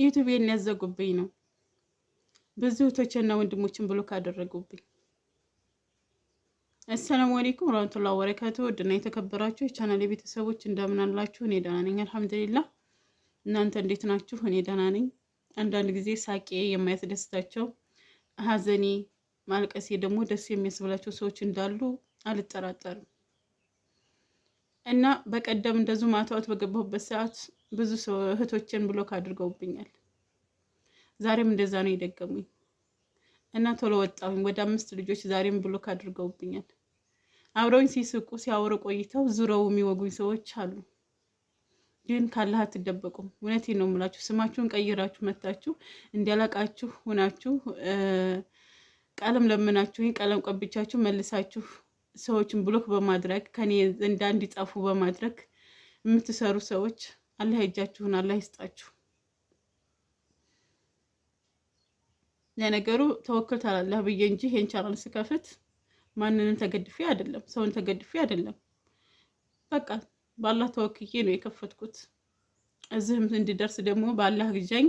ዩቱቤን ሊያዘጉብኝ ነው። ብዙ እህቶችና ወንድሞችን ብሎ ካደረጉብኝ። አሰላሙ አለይኩም ወራህመቱላሂ ወበረካቱ። ውድና የተከበራችሁ የቻናል ቤተሰቦች እንደምን አላችሁ? እኔ ደህና ነኝ አልሐምዱሊላህ። እናንተ እንዴት ናችሁ? እኔ ደህና ነኝ። አንዳንድ ጊዜ ሳቄ የማያስደስታቸው ሀዘኔ፣ ማልቀሴ ደግሞ ደስ የሚያስብላቸው ሰዎች እንዳሉ አልጠራጠርም። እና በቀደም እንደዙ ማታወት በገባሁበት ሰዓት ብዙ ሰው እህቶችን ብሎክ አድርገውብኛል። ዛሬም እንደዛ ነው የደገሙኝ እና ቶሎ ወጣሁኝ። ወደ አምስት ልጆች ዛሬም ብሎክ አድርገውብኛል። አብረውኝ ሲስቁ ሲያወሩ ቆይተው ዙረው የሚወጉኝ ሰዎች አሉ። ግን ካላህ አትደበቁም። እውነቴ ነው የምላችሁ። ስማችሁን ቀይራችሁ መታችሁ እንዲያላቃችሁ ሁናችሁ ቀለም ለምናችሁኝ ቀለም ቀብቻችሁ መልሳችሁ ሰዎችን ብሎክ በማድረግ ከኔ ዘንዳ እንዲጠፉ በማድረግ የምትሰሩ ሰዎች አላህ እጃችሁን አላህ ይስጣችሁ። ለነገሩ ተወክል ታላለህ ብዬ እንጂ ይሄን ቻናል ስከፍት ማንንም ተገድፌ አይደለም፣ ሰውን ተገድፌ አይደለም። በቃ በአላህ ተወክዬ ነው የከፈትኩት። እዚህም እንዲደርስ ደግሞ በአላህ ግዣኝ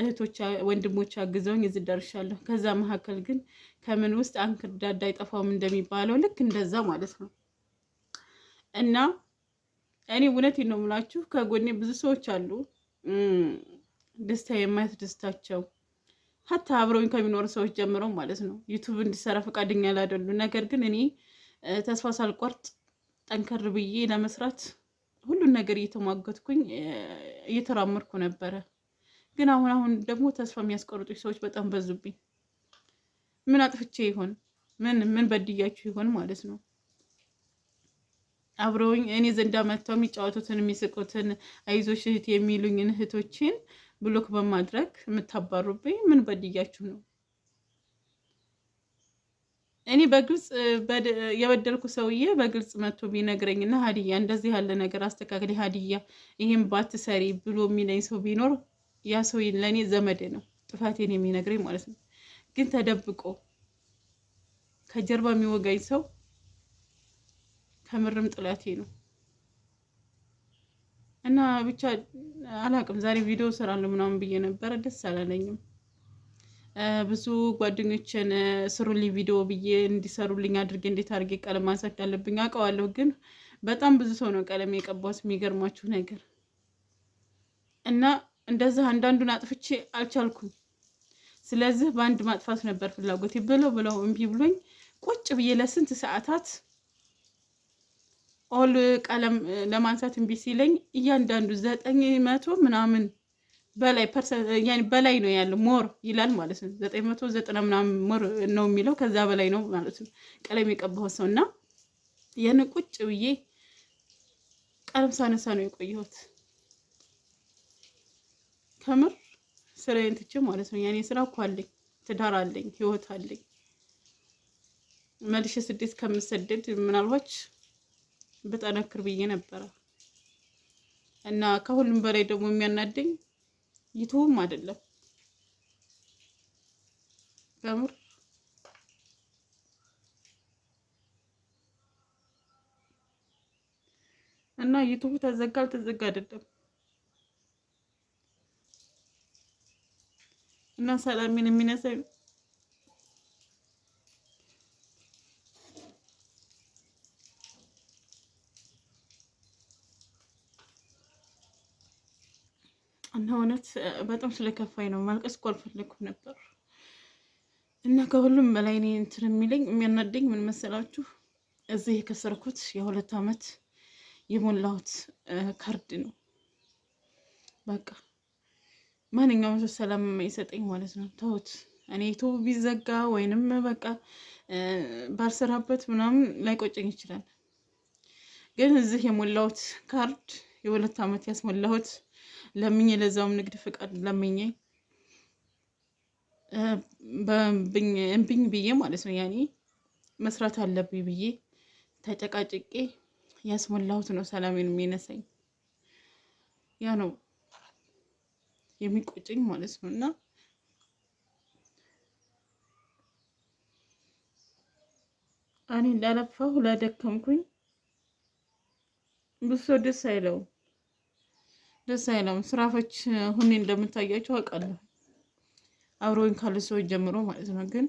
እህቶች ወንድሞች አግዘውኝ እዚህ ደርሻለሁ። ከዛ መካከል ግን ከምን ውስጥ አንክርዳዳ አይጠፋውም እንደሚባለው ልክ እንደዛ ማለት ነው። እና እኔ እውነት ነው የምላችሁ ከጎኔ ብዙ ሰዎች አሉ፣ ደስታ የማያስደስታቸው ሀታ አብረውኝ ከሚኖሩ ሰዎች ጀምረው ማለት ነው። ዩቱብ እንዲሰራ ፈቃደኛ ላይደሉ፣ ነገር ግን እኔ ተስፋ ሳልቆርጥ ጠንከር ብዬ ለመስራት ሁሉን ነገር እየተሟገትኩኝ እየተራመድኩ ነበረ። ግን አሁን አሁን ደግሞ ተስፋ የሚያስቆርጡች ሰዎች በጣም በዙብኝ። ምን አጥፍቼ ይሆን? ምን ምን በድያችሁ ይሆን ማለት ነው። አብረውኝ እኔ ዘንዳ መጥተው የሚጫወቱትን የሚስቁትን፣ አይዞሽ እህት የሚሉኝን እህቶችን ብሎክ በማድረግ የምታባሩብኝ ምን በድያችሁ ነው? እኔ በግልጽ የበደልኩ ሰውዬ በግልጽ መጥቶ ቢነግረኝና ሀዲያ እንደዚህ ያለ ነገር አስተካክል ሀዲያ ይህም ባትሰሪ ብሎ የሚለኝ ሰው ቢኖር ያ ሰው ለእኔ ዘመዴ ነው፣ ጥፋቴን የሚነግረኝ ማለት ነው። ግን ተደብቆ ከጀርባ የሚወጋኝ ሰው ከምርም ጥላቴ ነው እና ብቻ አላቅም። ዛሬ ቪዲዮ ስራለሁ ምናምን ብዬ ነበረ፣ ደስ አላለኝም። ብዙ ጓደኞችን ስሩልኝ ቪዲዮ ብዬ እንዲሰሩልኝ አድርጌ እንዴት አድርጌ ቀለም ማንሳት እንዳለብኝ አውቀዋለሁ። ግን በጣም ብዙ ሰው ነው ቀለም የቀባት የሚገርማችሁ ነገር እና እንደዚህ አንዳንዱን አጥፍቼ አልቻልኩም። ስለዚህ በአንድ ማጥፋት ነበር ፍላጎቴ ብለው ብለው እምቢ ብሎኝ ቁጭ ብዬ ለስንት ሰዓታት ኦል ቀለም ለማንሳት እምቢ ሲለኝ እያንዳንዱ ዘጠኝ መቶ ምናምን በላይ በላይ ነው ያለው ሞር ይላል ማለት ነው። ዘጠኝ መቶ ዘጠና ምናምን ሞር ነው የሚለው ከዛ በላይ ነው ማለት ነው። ቀለም የቀባሁት ሰው እና ያን ቁጭ ብዬ ቀለም ሳነሳ ነው የቆየሁት። ከምር ስራዬን ትቼ ማለት ነው። ያኔ ስራ እኮ አለኝ፣ ትዳር አለኝ፣ ህይወት አለኝ። መልሼ ስደት ከምሰደድ ምናልባች ብጠነክር ብዬ ነበረ እና ከሁሉም በላይ ደግሞ የሚያናደኝ ይትውም አይደለም ከምር እና ዩቱቡ ተዘጋ አልተዘጋ አይደለም። እና ሰላሜን የሚነሳኝ እና እውነት በጣም ስለከፋኝ ነው። ማልቀስ እኮ አልፈለኩም ነበር። እና ከሁሉም በላይ እኔ እንትን የሚለኝ የሚያናደኝ ምን መሰላችሁ? እዚህ የከሰርኩት የሁለት ዓመት የሞላሁት ካርድ ነው በቃ ማንኛውም ሰው ሰላም የማይሰጠኝ ማለት ነው። ተውት። እኔ ቶ ቢዘጋ ወይንም በቃ ባልሰራበት ምናምን ላይቆጨኝ ይችላል። ግን እዚህ የሞላሁት ካርድ የሁለት ዓመት ያስሞላሁት ለምኜ፣ ለዛውም ንግድ ፍቃድ ለምኜ እምብኝ ብዬ ማለት ነው ያኔ መስራት አለብኝ ብዬ ተጨቃጭቄ ያስሞላሁት ነው ሰላሜን የሚነሳኝ ያ ነው። የሚቆጨኝ ማለት ነው እና እኔ እንዳለፋሁ ላደከምኩኝ ብዙ ሰው ደስ አይለውም፣ ደስ አይለውም። ስራፎች ሁኔ እንደምታያቸው አውቃለሁ፣ አብረውኝ ካሉ ሰዎች ጀምሮ ማለት ነው። ግን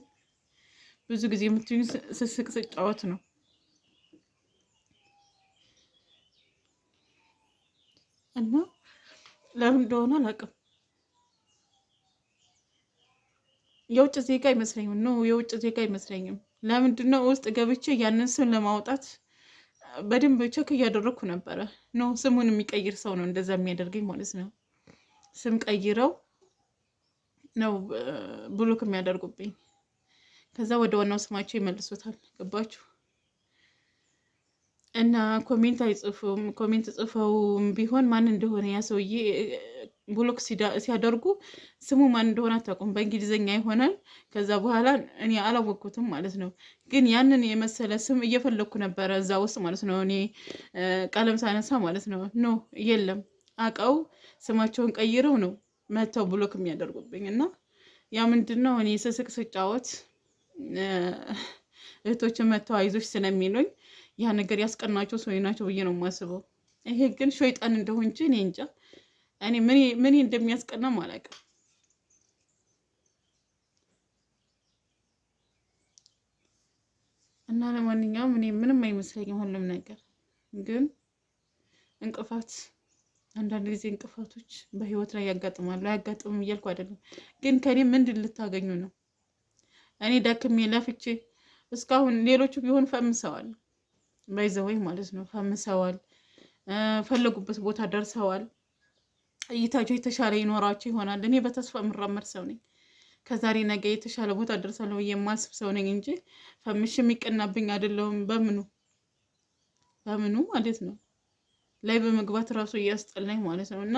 ብዙ ጊዜ የምትዩኝ ስስቅ ስጫወት ነው። እና ለምን እንደሆነ አላውቅም። የውጭ ዜጋ አይመስለኝም ነው የውጭ ዜጋ አይመስለኝም። ለምንድን ነው ውስጥ ገብቼ ያንን ስም ለማውጣት በደንብ ቸክ እያደረግኩ ነበረ። ኖ ስሙን የሚቀይር ሰው ነው እንደዛ የሚያደርገኝ ማለት ነው። ስም ቀይረው ነው ብሎክ የሚያደርጉብኝ። ከዛ ወደ ዋናው ስማቸው ይመልሱታል። ገባችሁ? እና ኮሜንት አይጽፉም። ኮሜንት ጽፈውም ቢሆን ማን እንደሆነ ያ ሰውዬ ብሎክ ሲያደርጉ ስሙ ማን እንደሆነ አታውቁም። በእንግሊዝኛ ይሆናል። ከዛ በኋላ እኔ አላወቅኩትም ማለት ነው። ግን ያንን የመሰለ ስም እየፈለግኩ ነበረ እዛ ውስጥ ማለት ነው። እኔ ቀለም ሳነሳ ማለት ነው። ኖ የለም አቀው ስማቸውን ቀይረው ነው መተው ብሎክ የሚያደርጉብኝ እና ያ ምንድን ነው እኔ ስስቅ ስጫወት እህቶችን መተው አይዞች ስለሚሉኝ ያ ነገር ያስቀናቸው ሰው ናቸው ብዬ ነው የማስበው። ይሄ ግን ሸይጣን እንደሆንች እኔ እንጃ። እኔ ምን እንደሚያስቀናም አላውቅም። እና ለማንኛውም እኔ ምንም አይመስለኝም ሁሉም ነገር ግን እንቅፋት አንዳንድ ጊዜ እንቅፋቶች በህይወት ላይ ያጋጥማሉ። አያጋጥምም እያልኩ አይደለም፣ ግን ከኔ ምንድን ልታገኙ ነው? እኔ ዳክሜ ለፍቼ እስካሁን ሌሎቹ ቢሆን ፈምሰዋል፣ ባይዘወይ ማለት ነው ፈምሰዋል፣ ፈለጉበት ቦታ ደርሰዋል። እይታቸው የተሻለ ይኖራቸው ይሆናል። እኔ በተስፋ የምራመድ ሰው ነኝ። ከዛሬ ነገ የተሻለ ቦታ ደርሳለሁ ብዬ የማስብ ሰው ነኝ እንጂ ፈምሽ የሚቀናብኝ አይደለሁም። በምኑ በምኑ ማለት ነው ላይ በመግባት እራሱ እያስጠላኝ ማለት ነው። እና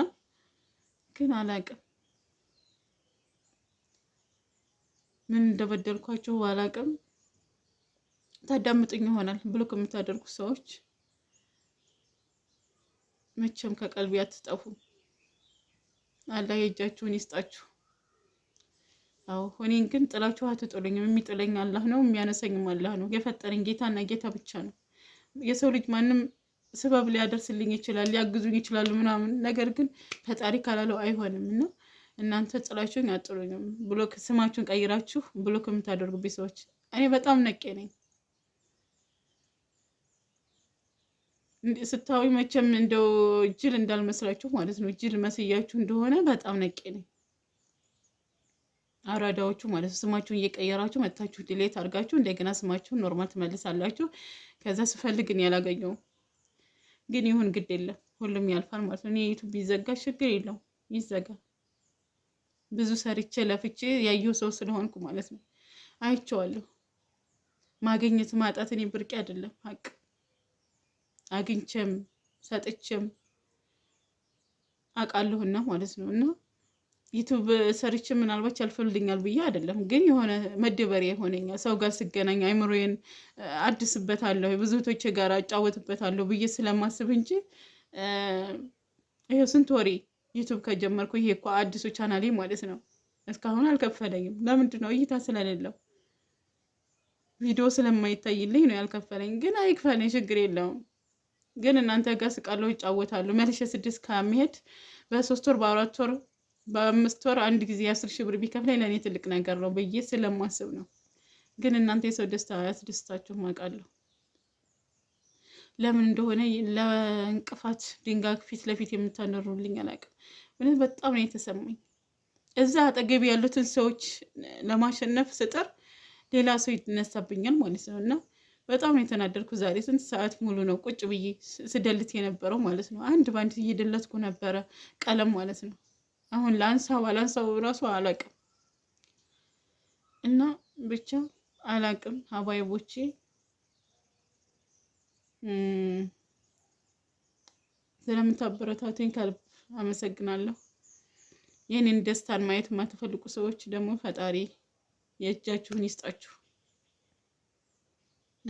ግን አላቅም ምን እንደበደልኳቸው አላቅም። ታዳምጡኝ ይሆናል ብሎክ የምታደርጉት ሰዎች መቼም ከቀልቢ አትጠፉም። አላህ የእጃችሁን ይስጣችሁ። አዎ እኔን ግን ጥላችሁ አትጥሉኝም። የሚጥለኝ አላህ ነው፣ የሚያነሰኝም አላህ ነው። የፈጠረኝ ጌታና ጌታ ብቻ ነው። የሰው ልጅ ማንም ስበብ ሊያደርስልኝ ይችላል፣ ሊያግዙኝ ይችላሉ ምናምን። ነገር ግን ፈጣሪ ካላለው አይሆንም እና እናንተ ጥላችሁኝ አጥሉኝም። ብሎክ ስማችሁን ቀይራችሁ ብሎክ የምታደርጉ ሰዎች እኔ በጣም ነቄ ነኝ። ስታዊ መቼም እንደው ጅል እንዳልመስላችሁ ማለት ነው። ጅል መስያችሁ እንደሆነ በጣም ነቄ ነኝ። አራዳዎቹ ማለት ነው። ስማችሁን እየቀየራችሁ መታችሁ ዲሌት አድርጋችሁ እንደገና ስማችሁን ኖርማል ትመልሳላችሁ። ከዛ ስፈልግን ያላገኘው ግን ይሁን ግድ የለም ሁሉም ያልፋል ማለት ነው። እኔ ዩቱብ ቢዘጋ ችግር የለው ይዘጋ። ብዙ ሰርቼ ለፍቼ ያየ ሰው ስለሆንኩ ማለት ነው። አይቼዋለሁ። ማግኘት ማጣት እኔ ብርቅ አይደለም ሀቅ አግኝቼም ሰጥቼም አውቃለሁና ማለት ነው። እና ዩቱብ ሰርቼ ምናልባት ያልፈልኛል ብዬ አይደለም፣ ግን የሆነ መደበሪያ ይሆነኛል። ሰው ጋር ስገናኝ አይምሮዬን አድስበታለሁ፣ ብዙ እህቶቼ ጋር አጫወትበታለሁ ብዬ ስለማስብ እንጂ ይሄው ስንት ወሬ ዩቱብ ከጀመርኩ ይሄ እኮ አዲሱ ቻናሌ ማለት ነው። እስካሁን አልከፈለኝም። ለምንድን ነው? እይታ ስለሌለው ቪዲዮ ስለማይታይልኝ ነው ያልከፈለኝ። ግን አይክፈለኝ፣ ችግር የለውም። ግን እናንተ ጋር ስቃለው ይጫወታሉ። መልሼ ስድስት ከመሄድ በሶስት ወር በአራት ወር በአምስት ወር አንድ ጊዜ የአስር ሺህ ብር ቢከፍለኝ ለእኔ ትልቅ ነገር ነው ብዬ ስለማስብ ነው። ግን እናንተ የሰው ደስታ ያስደስታችሁ ማውቃለሁ። ለምን እንደሆነ ለእንቅፋት ድንጋይ ፊት ለፊት የምታነሩልኝ አላውቅም። እውነት በጣም ነው የተሰማኝ። እዛ አጠገቢ ያሉትን ሰዎች ለማሸነፍ ስጥር ሌላ ሰው ይነሳብኛል ማለት ነው እና በጣም የተናደድኩ ዛሬ ስንት ሰዓት ሙሉ ነው ቁጭ ብዬ ስደልት የነበረው ማለት ነው። አንድ በአንድ እየደለትኩ ነበረ ቀለም ማለት ነው። አሁን ለአንሳ አላንሳው እራሱ አላቅም እና ብቻ አላቅም ሀባይቦቼ ስለምታበረታቱኝ ከልብ አመሰግናለሁ። ይህንን ደስታን ማየት የማትፈልጉ ሰዎች ደግሞ ፈጣሪ የእጃችሁን ይስጣችሁ።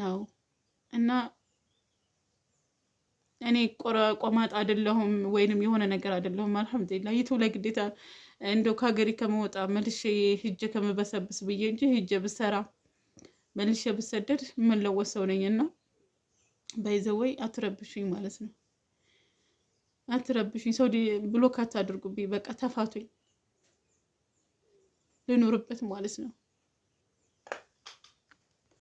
ነው እና እኔ ቆማጥ አይደለሁም ወይንም የሆነ ነገር አይደለሁም። አልሐምዱሊላ የትው ላይ ግዴታ እንደው ከመወጣ መልሼ ሂጄ ከመበሰብስ ብዬ እንጂ ሂጄ ብሰራ መልሼ ብሰደድ የምለወጥ ሰው ነኝ እና ባይዘወይ አትረብሽኝ ማለት ነው። አትረብሽኝ ሰው ብሎክ አታድርጉብኝ። በቃ ተፋቱኝ ልኑርበት ማለት ነው።